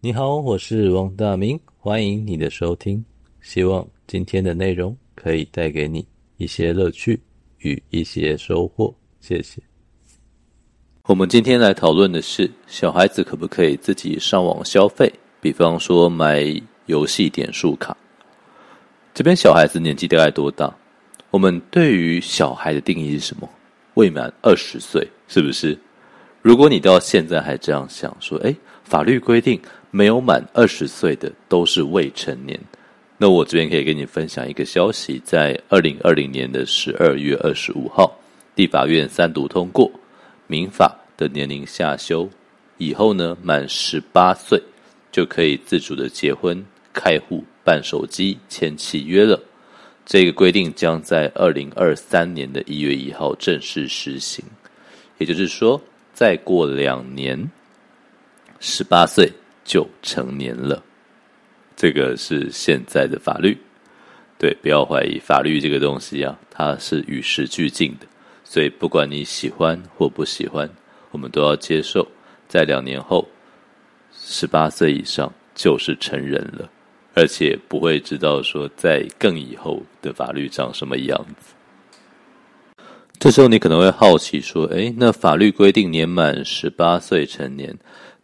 你好，我是王大明，歡迎你的收聽。希望今天的內容可以帶給你一些樂趣與一些收穫。謝謝。我們今天來討論的是小孩子可不可以自己上網消費，比方說買遊戲點數卡。這邊小孩子年紀大概多大？我們對於小孩的定義是什麼？未滿二十歲，是不是？如果你到現在還這樣想，說，哎，法律規定沒有滿二十歲的都是未成年，那我這邊可以跟你分享一個消息，在二零二零年的十二月二十五號，立法院三讀通過民法的年齡下修以後呢，滿十八歲就可以自主的結婚、開戶、辦手機、簽契約了。這個規定將在二零二三年的一月一號正式實行，也就是說，再過兩年，十八歲就成年了。這個是現在的法律。對，不要懷疑，法律這個東西啊，它是與時俱進的。所以不管你喜歡或不喜歡，我們都要接受，在兩年後，十八歲以上就是成人了。而且不會知道說，在更以後的法律長什麼樣子。這時候你可能會好奇說：“誒，那法律規定年滿十八歲成年，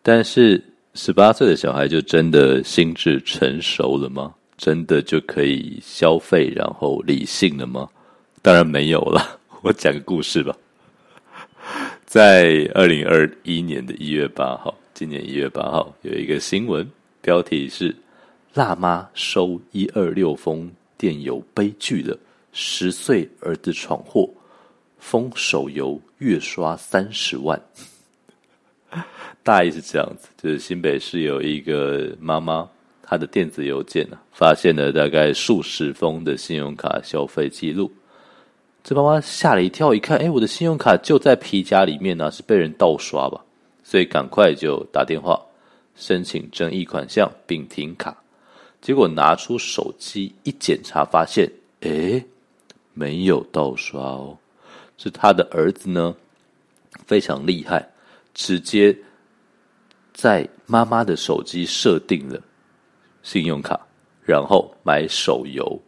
但是十八歲的小孩就真的心智成熟了嗎？真的就可以消費然後理性了嗎？”當然沒有了。我講個故事吧。在二零二一年的一月八號，今年一月八號有一個新聞，標題是，辣媽收一二六封電郵悲劇了，十歲兒子闖禍，瘋手遊月刷三十萬，大意是這樣子，就是新北市有一個媽媽，她的電子郵件呢、啊，發現了大概數十封的信用卡消費記錄，這媽媽嚇了一跳，一看，哎，我的信用卡就在皮夾裡面呢、啊，是被人盜刷吧？所以趕快就打電話申請爭議款項，並停卡。結果拿出手機一檢查，發現哎，沒有盜刷哦，是他的兒子呢，非常厲害，直接在媽媽的手機設定了信用卡，然後買手遊。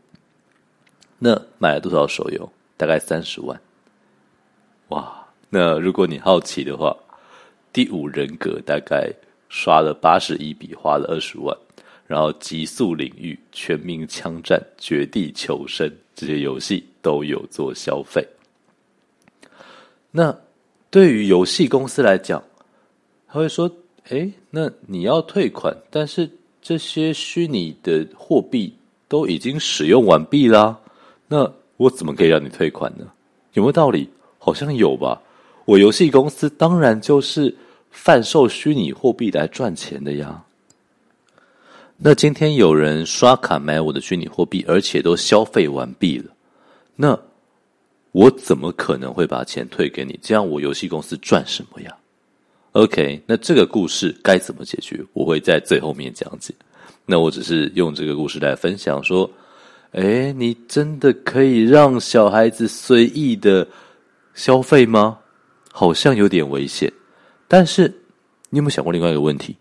那買了多少手遊？大概三十萬。哇，那如果你好奇的話，第五人格大概刷了八十一筆，花了二十萬。然後，極速領域、全民槍戰、絕地求生這些遊戲都有做消費。那對於遊戲公司來講，他會說：“誒，那你要退款，但是這些虛擬的貨幣都已經使用完畢啦，那我怎麼可以讓你退款呢？有沒有道理？好像有吧。我遊戲公司當然就是販售虛擬貨幣來賺錢的呀。”那今天有人刷卡買我的虛擬貨幣，而且都消費完畢了，那我怎麼可能會把錢退給你？這樣我遊戲公司賺什麼呀？OK，那這個故事該怎麼解決？我會在最後面講解。那我只是用這個故事來分享說，誒，你真的可以讓小孩子隨意的消費嗎？好像有點危險。但是你有沒有想過另外一個問題？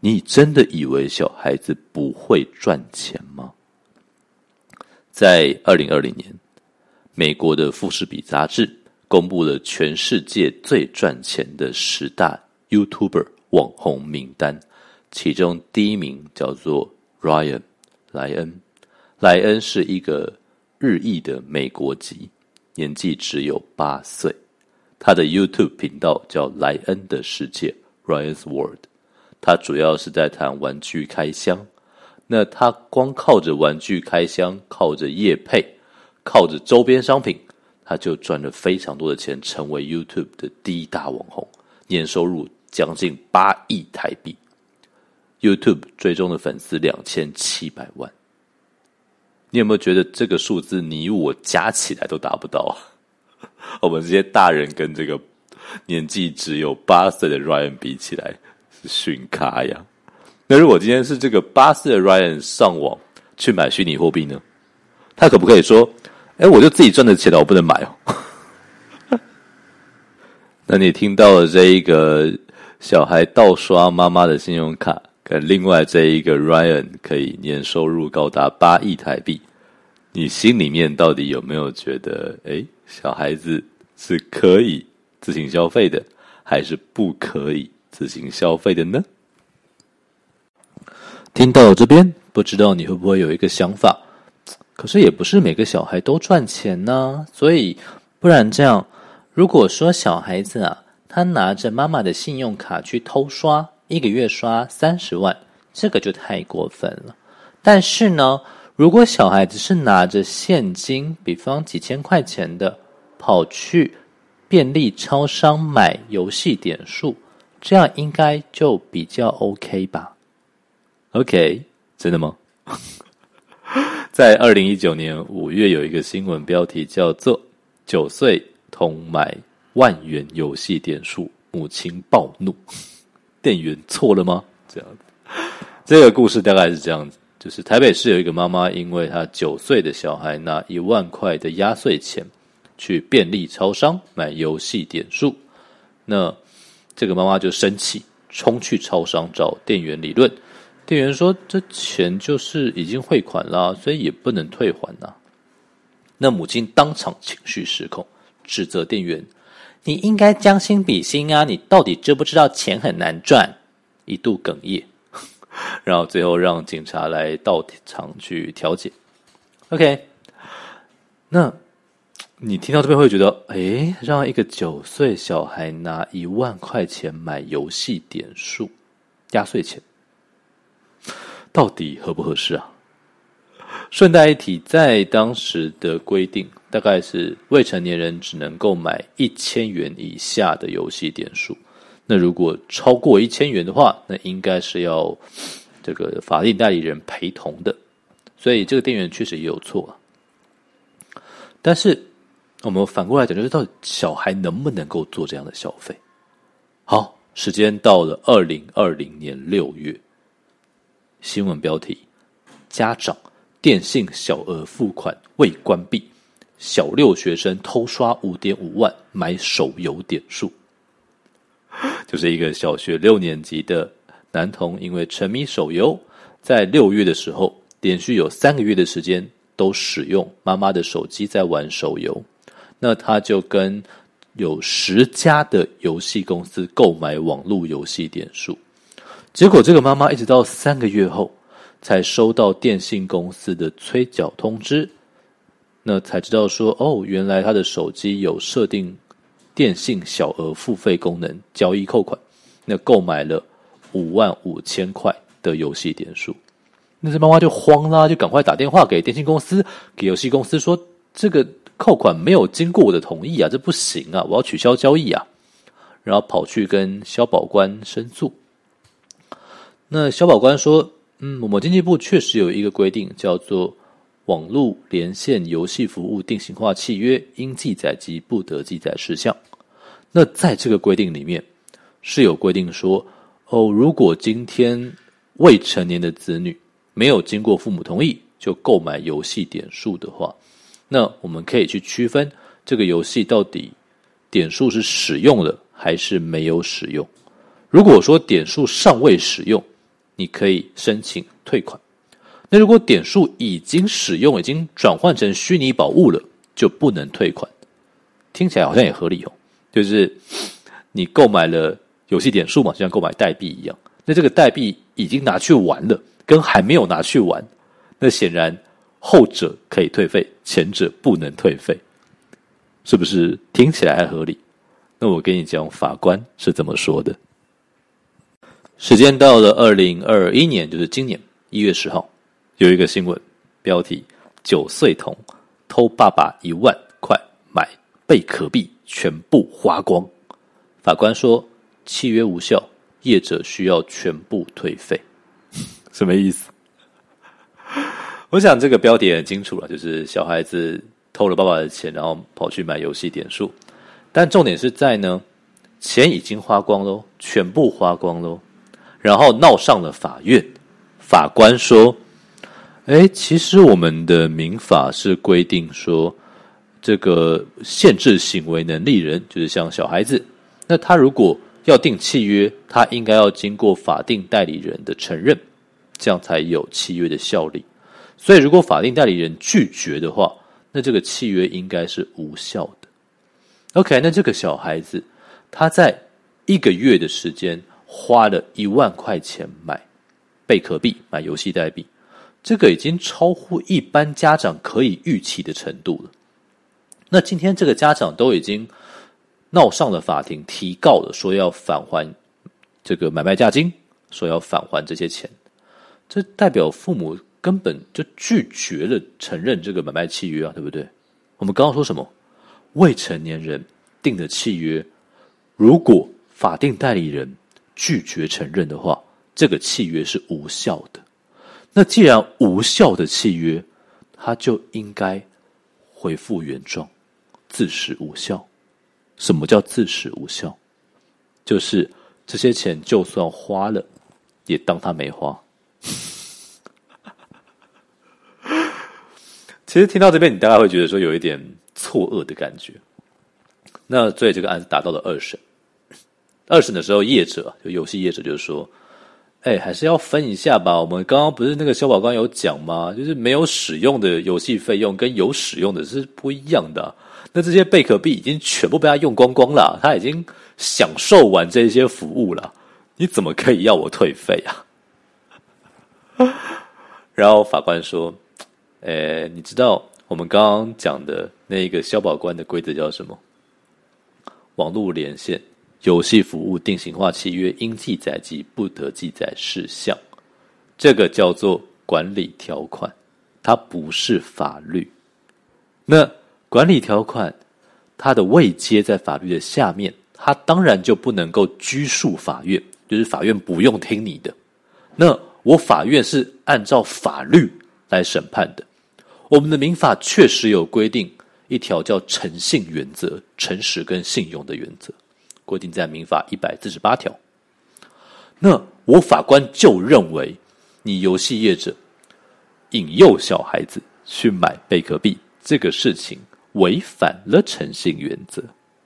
你真的以為小孩子不會賺錢嗎？在二零二零年，美國的《富士比》雜誌公布了全世界最賺錢的十大 YouTuber 網紅名單，其中第一名叫做 Ryan 萊恩。萊恩是一個日裔的美國籍，年紀只有八歲。他的 YouTube 頻道叫萊恩的世界 （Ryan's World）。Ryan 他主要是在談玩具開箱，那他光靠着玩具開箱，靠着業配，靠着週邊商品，他就賺了非常多的錢，成為 YouTube 的第一大網紅，年收入將近八億台幣，YouTube 最終的粉絲兩千七百萬。你有沒有覺得這個數字你我加起來都達不到啊？ 我們這些大人跟這個年紀只有八歲的 Ryan 比起來。信卡呀，那如果今天是這個巴西的 Ryan 上網去買虛擬貨幣呢？他可不可以說：“哎，我就自己賺的錢了，我不能買哦。 ”那你聽到了這一個小孩盜刷媽媽的信用卡，跟另外這一個 Ryan 可以年收入高達八億台幣，你心裡面到底有沒有覺得，哎，小孩子是可以自行消費的，還是不可以？自行消費的呢？聽到我這邊，不知道你會不會有一個想法。可是也不是每個小孩都賺錢呢，啊，所以不然這樣。如果說小孩子啊，他拿着媽媽的信用卡去偷刷，一個月刷三十萬，這個就太過分了。但是呢，如果小孩子是拿着現金，比方幾千塊錢的，跑去便利超商買遊戲點數。這樣應該就比較 OK 吧？OK，真的嗎？ 在二零一九年五月有一個新聞標題叫做“九歲童買萬元遊戲點數，母親暴怒，店員錯了嗎？”這樣子，這個故事大概是這樣子：就是台北市有一個媽媽，因為她九歲的小孩拿一萬塊的壓歲錢去便利超商買遊戲點數，那。這個媽媽就生氣，衝去超商找店員理論。店員說：“這錢就是已經匯款了，所以也不能退還啊。”那母親當場情緒失控，指責店員：“你應該將心比心啊！你到底知不知道錢很難賺？”一度哽咽，然後最後讓警察來到場去調解。OK，那。你聽到這邊會覺得，誒，讓一個九歲小孩拿一萬塊錢買遊戲點數，壓歲錢，到底合不合適啊？順帶一提，在當時的規定，大概是未成年人只能購買一千元以下的遊戲點數。那如果超過一千元的話，那應該是要這個法定代理人陪同的。所以這個店員確實也有錯啊。但是。我們反過來講，就是到底小孩能不能夠做這樣的消費？好，時間到了二零二零年六月。新聞標題：家長電信小額付款未關閉，小六學生偷刷五點五萬買手遊點數。就是一個小學六年級的男童，因為沉迷手遊，在六月的時候，連續有三個月的時間都使用媽媽的手機在玩手遊。那他就跟有十家的遊戲公司購買網絡遊戲點數，結果這個媽媽一直到三個月後才收到電信公司的催繳通知，那才知道說哦，原來她的手機有設定電信小額付費功能交易扣款，那購買了五萬五千塊的遊戲點數，那這媽媽就慌啦、啊，就趕快打電話給電信公司，給遊戲公司說這個。扣款沒有經過我的同意啊，這不行啊！我要取消交易啊！然後跑去跟消保官申訴。那消保官說：“嗯，我們經濟部確實有一個規定，叫做《網絡連線遊戲服務定型化契約應記載及不得記載事項》。那在這個規定裡面是有規定說，哦，如果今天未成年的子女沒有經過父母同意就購買遊戲點數的話。”那我們可以去區分這個遊戲到底點數是使用了還是沒有使用。如果說，點數尚未使用，你可以申請退款。那如果點數已經使用，已經轉換成虛擬寶物了，就不能退款。聽起來好像也合理哦，就是你購買了遊戲點數嘛，就像購買代幣一樣。那這個代幣已經拿去玩了，跟還沒有拿去玩，那顯然。後者可以退費，前者不能退費，是不是聽起來還合理？那我跟你講，法官是怎麼說的？時間到了二零二一年，就是今年一月十號，有一個新聞，標題：九歲童偷爸爸一萬塊買貝殼幣，全部花光。法官說，契約無效，業者需要全部退費。什麼意思？我想這個標點很清楚了，就是小孩子偷了爸爸的錢，然後跑去買遊戲點數。但重點是在呢，錢已經花光嘍，全部花光嘍，然後鬧上了法院。法官說：“哎，其實我們的民法是規定說，這個限制行為能力人，就是像小孩子，那他如果要訂契約，他應該要經過法定代理人的承認，這樣才有契約的效力。”所以，如果法定代理人拒絕的話，那這個契約應該是無效的。OK，那這個小孩子他在一個月的時間花了一萬塊錢買貝殼幣、買遊戲代幣，這個已經超乎一般家長可以預期的程度了。那今天這個家長都已經鬧上了法庭，提告了，說要返還這個買賣價金，說要返還這些錢，這代表父母。根本就拒絕了承認這個買賣契約啊，對不對？我們剛剛說什麼？未成年人訂的契約，如果法定代理人拒絕承認的話，這個契約是無效的。那既然無效的契約，他就應該回復原狀，自始無效。什麼叫自始無效？就是這些錢就算花了，也當他沒花。其實聽到這邊，你大概會覺得說有一點錯愕的感覺。那所以這個案子打到了二審，二審的時候，業者就遊戲業者就說：“哎，還是要分一下吧。我們剛剛不是那個消保官有講嗎？就是沒有使用的遊戲費用跟有使用的是不一樣的。那這些貝殼幣已經全部被他用光光了，他已經享受完這些服務了，你怎麼可以要我退費啊？” 然後法官說。誒、哎，你知道我們剛剛講的那個消保官的規則叫什麼？網絡連線遊戲服務定型化契約應記載及不得記載事項，這個叫做管理條款，它不是法律。那管理條款它的位階在法律的下面，它當然就不能夠拘束法院，就是法院不用聽你的。那我法院是按照法律，來審判的，我們的民法確實有規定一條叫誠信原則，誠實跟信用的原則，規定在民法一百四十八條。那我法官就認為，你遊戲業者引誘小孩子去買貝殼幣這個事情違反了誠信原則，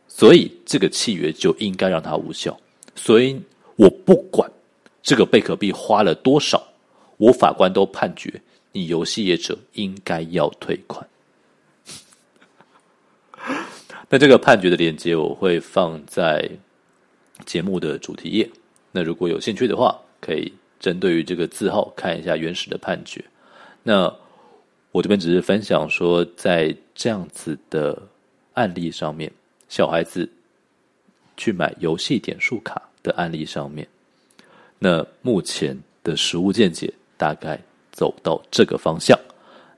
所以這個契約就應該讓它無效。所以我不管這個貝殼幣花了多少，我法官都判決。你遊戲業者應該要退款。 那這個判決的鏈接我會放在節目的主題頁。那如果有興趣的話，可以針對於這個字號看一下原始的判決。那我這邊只是分享說，在這樣子的案例上面，小孩子去買遊戲點數卡的案例上面，那目前的實務見解大概。走到這個方向，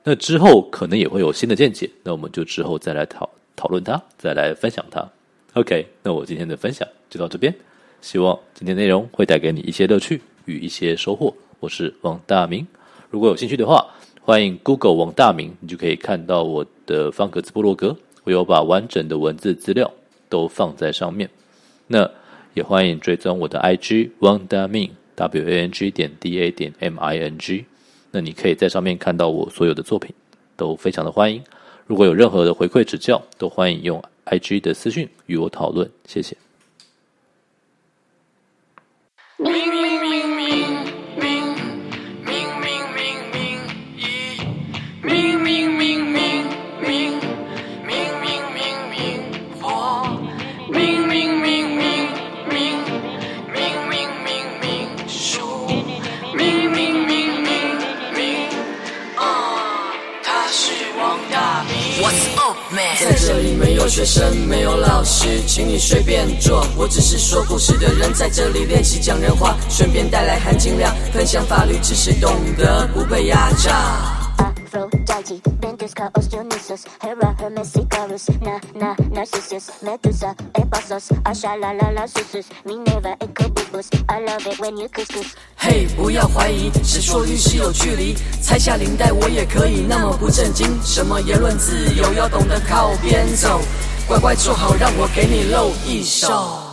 那之後可能也會有新的見解。那我們就之後再來討討論它，再來分享它。OK，那我今天的分享就到這邊。希望今天的內容會帶給你一些樂趣與一些收穫。我是王大明，如果有興趣的話，歡迎 Google 王大明，你就可以看到我的方格子部落格，我有把完整的文字資料都放在上面。那也歡迎追蹤我的 IG 王大明 wang 點 da 點 ming。那你可以在上面看到我所有的作品，都非常的歡迎。如果有任何的回饋指教，都歡迎用 IG 的私訊與我討論，謝謝。這裡練習講人話，順便帶來含金量，分享法律知識，懂得不被壓榨。Hey，不要懷疑，誰說律師有距離？拆下領帶，我也可以那麼不正經。什麼言論自由，要懂得靠邊走，乖乖坐好，讓我給你露一手。